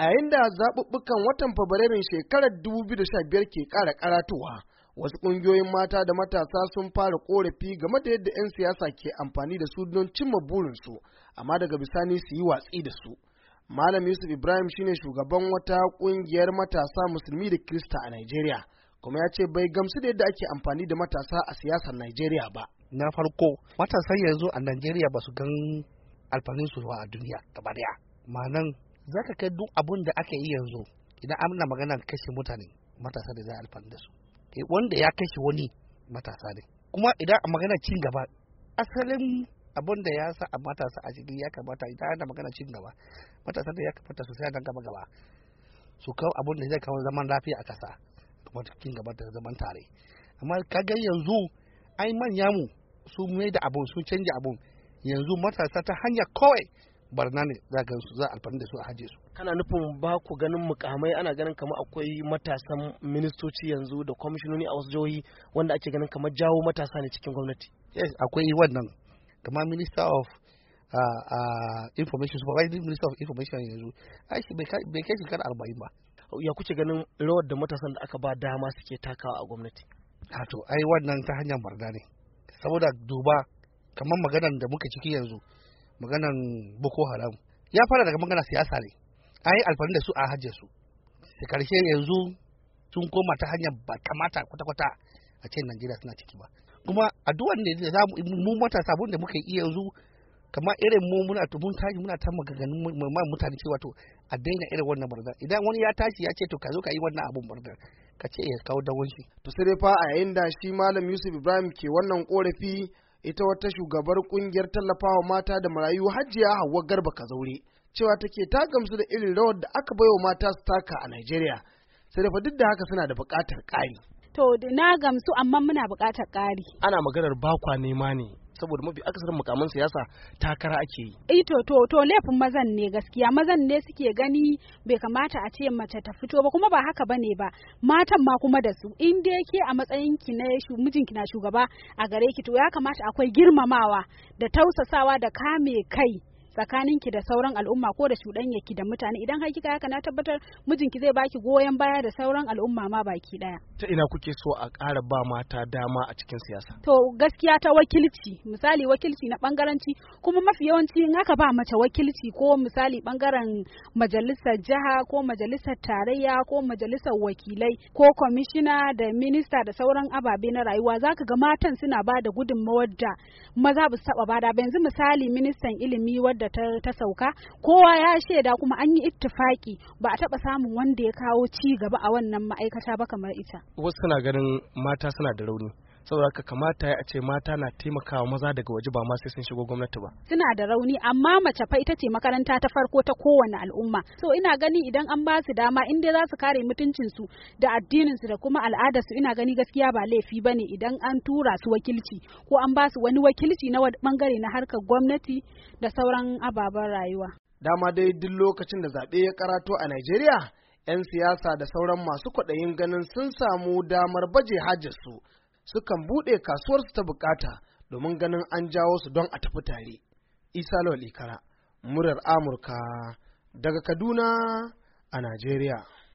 a yayin zaɓuɓɓukan watan fabrairun shekarar 2015 ke ƙara karatuwa wasu ƙungiyoyin mata da matasa sun fara ƙorafi game da yadda 'yan siyasa ke amfani da su don cimma burinsu amma daga bisani su yi watsi da su malam yusuf ibrahim shine shugaban wata ƙungiyar matasa musulmi da Kirista a nigeria kuma ya ce bai gamsu da yadda ake amfani da matasa a siyasar nigeria ba na farko matasan yanzu a nigeria ba su gan alfaninsu a duniya gaba daya ma'anan za ka kai duk abin da aka yi yanzu idan na magana kashe mutane matasa da za a alfanu da su eh, wanda ya kashe wani matasa ne kuma idan a magana cin gaba asalin abin da ya sa a matasa a cikin ya kamata idan ana magana cin gaba matasa da ya kamata su sai gaba gaba su kawo abin da zai kawo zaman lafiya a kasa kuma cin gaba da zaman tare amma kaga yanzu ai manya mu su mai da abun sun canja abun yanzu matasa ta hanyar kawai barna ne za ka za a alfani da su a haje su kana nufin ba ku ganin mukamai ana ganin kamar akwai matasan ministoci yanzu da kwamishinoni a wasu jihohi wanda ake ganin kamar jawo matasa ne cikin gwamnati yes akwai wannan kamar minister of uh, uh, information supervising minister of information yanzu aiki bai kai shekara arba'in ba ya kuce ganin rawar da matasan da aka ba dama suke takawa a gwamnati a ah, to ai wannan ta hanyar barna ne saboda duba kamar maganar da muke ciki yanzu maganan boko haram ya fara daga magana siyasa ne an yi alfani da su a hajjar su da karshe yanzu sun koma ta hanyar ba kamata kwata-kwata a ce najeriya suna ciki ba kuma addu'ar ne za mu matasa da muka yi yanzu kamar irin mu muna to mun tashi muna ta mutane cewa to a daina irin wannan barzan idan wani ya tashi ya ce to ka zo ka yi wannan abun barzan ka ce ya kawo dawon shi to sai dai fa a yayin da shi malam Yusuf Ibrahim ke wannan korafi ita wata shugabar kungiyar tallafawa mata da marayu Hajjiya hawa garba kazaure cewa take ta gamsu da irin rawar da aka baiwa mata su taka a Najeriya sai da duk da haka suna da buƙatar ƙari. To na gamsu amma muna buƙatar ƙari. Ana maganar bakwa nema ne saboda mafi akasarin mukamin siyasa takara ake yi eh to to to laifin mazan ne gaskiya mazan ne suke gani bai kamata a ce mace ta fito ba kuma ba haka bane ba matan ma kuma da su in dai ke a matsayin ki na mijin ki na shugaba a gare ki to ya kamata akwai girmamawa da tausasawa da kame kai tsakaninki da sauran al'umma ko da ki da mutane idan har kika haka na tabbatar mijinki zai baki goyon baya da sauran al'umma ma baki daya ta ina kuke so a ƙara ba mata dama a cikin siyasa to gaskiya ta wakilci misali wakilci na bangaranci kuma mafi yawanci in aka ba mace wakilci ko misali bangaren majalisar jiha ko majalisar tarayya ko majalisar wakilai ko kwamishina da minista da sauran ababe na rayuwa zaka ga matan suna ba da gudunmawar da maza ba su ba da yanzu misali ministan ilimi wadda da ta sauka kowa ya shaida kuma an yi ittifaki ba a taba samun wanda ya kawo ci gaba a wannan ma'aikata ba kamar ita wasu suna ganin mata suna da rauni saboda haka kamata ya ce mata na taimakawa maza daga waje ba ma sai sun shigo gwamnati ba suna da rauni amma mace fa ita ce makaranta ta farko ta kowane al'umma so ina gani idan an ba su dama in dai za su kare mutuncinsu da addininsu da kuma al'adar su ina gani gaskiya ba laifi ne idan an tura su wakilci ko an ba su wani wakilci na bangare na harkar gwamnati da sauran ababen rayuwa dama dai duk lokacin da zaɓe ya karato a Najeriya 'yan siyasa da sauran masu kwaɗayin ganin sun samu damar baje hajjarsu sukan buɗe kasuwarsu ta bukata domin ganin an jawo su don a tafi tare. Isa Lawal Ikara, murar Amurka daga Kaduna a Najeriya.